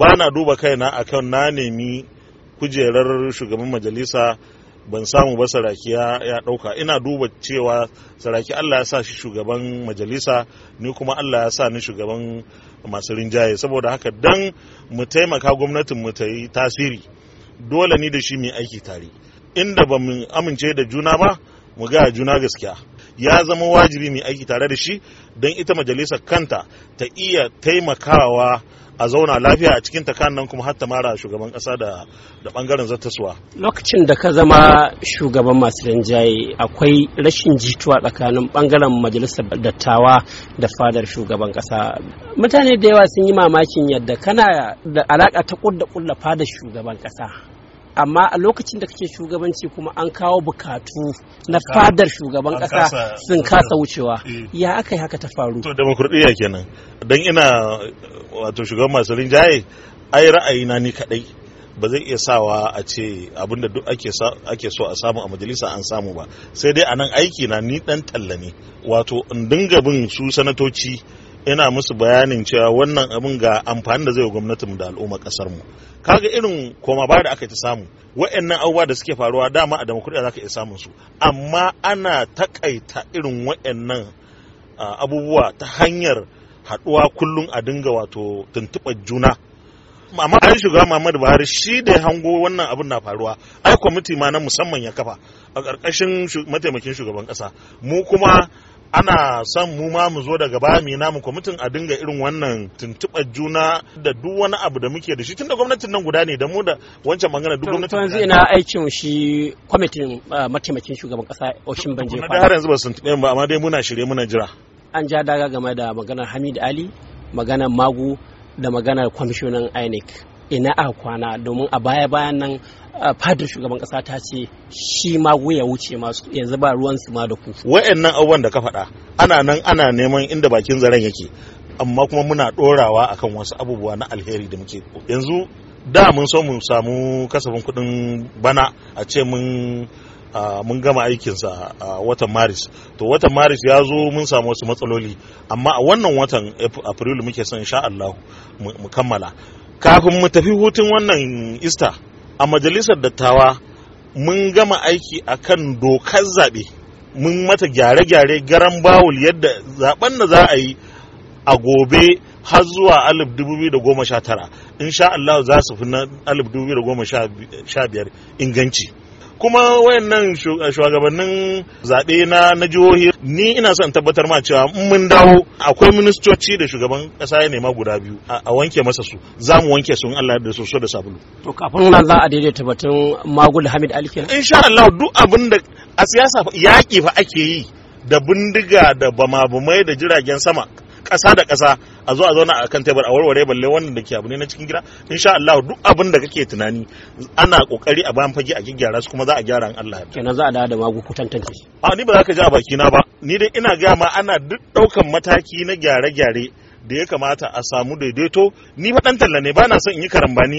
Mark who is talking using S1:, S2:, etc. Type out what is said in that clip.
S1: ba na duba kaina akan na nemi kujerar shugaban majalisa ban samu ba saraki ya ɗauka ina duba cewa saraki allah ya sa shi shugaban majalisa ni kuma allah ya sa ni shugaban masu rinjaye saboda haka dan mu taimaka gwamnatin mu ta yi tasiri dole ni da shi mai aiki tare inda ba mu amince da juna ba mu gaya juna gaskiya ya zama wajibi mai aiki tare da shi don ita majalisar kanta ta iya taimakawa a zauna lafiya a cikin takan nan kuma hatta mara shugaban kasa da bangaren zattasuwa
S2: lokacin da ka zama shugaban masu rinjaye akwai rashin jituwa tsakanin bangaren majalisar dattawa da fadar shugaban kasa mutane da yawa sun yi mamakin yadda kana da alaka ta kudda kulla fadar shugaban kasa amma a lokacin da kake shugabanci kuma an kawo bukatu na fadar shugaban kasa sun kasa wucewa eh. ya aka yi haka ta faru
S1: to demokradiyya kenan dan ina wato shugaban masu rinjaye ai ra'ayi na ni kadai ba zai iya sawa a ce abinda duk ake so a samu a majalisa an samu ba sai dai anan aiki na ni dan talla ne wato in dinga bin su sanatoci Ina musu bayanin cewa wannan abin ga amfani da zai wa gwamnatinmu da al'umma kasar mu kaga irin koma ba da aka ta samu wa'annan abubuwa da suke faruwa dama a demokuriya zaka iya samun su amma ana takaita irin wa'annan abubuwa ta hanyar haɗuwa kullum a dinga wato tuntuɓar juna amma an shiga Muhammadu Buhari shi da hango wannan abin na faruwa ai kwamiti ma na musamman ya kafa a ƙarƙashin mataimakin shugaban ƙasa mu kuma ana son mu ma mu zo daga baya mu namu kwamitin a dinga irin wannan tuntuɓar juna da duk wani abu da muke da shi tunda gwamnatin nan guda ne da mu da wancan bangaren duk gwamnatin yanzu ina aikin shi kwamitin uh, mataimakin shugaban kasa Oshin Banje fa har yanzu ba sun tuntuɓe ba amma dai muna shirye muna jira
S2: an ja daga game da maganar Hamid Ali maganar Magu da maganar kwamishinan INEC ina a kwana domin a baya bayan nan fadar shugaban kasa ta ce shi ma ya wuce masu yanzu ba ruwan su ma da ku nan abubuwan da ka faɗa ana nan
S1: ana neman inda bakin zaren yake amma kuma muna ɗorawa akan wasu abubuwa na alheri da muke yanzu da mun so mu samu kasafin kuɗin bana a ce mun mun gama aikinsa a uh, watan maris to watan maris ya zo mun samu wasu matsaloli amma a wannan watan april muke son insha Allah mu kammala kafin mu tafi hutun wannan ista a majalisar dattawa mun gama aiki a kan dokar zaɓe mun mata gyare-gyare garan bawul yadda zaɓen da za a yi a gobe har zuwa 2019 insha Allah za su fi na 2015 inganci kuma wayannan eh, shugabannin zaɓe na na jihohi ni ina son tabbatar ma cewa mun dawo akwai ministoci da shugaban ƙasa ya nema guda biyu a wanke masa su za mu wanke su in Allah da soso da sabulu
S2: to kafin nan za a daidaita batun magul Hamid Ali kenan insha Allah
S1: duk abin da a siyasa yaƙi fa ake yi da bindiga da bama bumai da jiragen sama kasa da kasa a zo a zauna a kan tebur a warware balle wannan da ke abu ne na cikin gida insha Allah duk abin da kake tunani ana kokari a bayan fage a gyara su kuma za a gyara in Allah ya
S2: kenan za a dawo da magu ku tantance
S1: a ni ba za ka ji a baki na ba ni dai ina ga ma ana duk daukan mataki na gyare-gyare da ya kamata a samu daidaito ni fa dan talla ne ba na son in yi karambani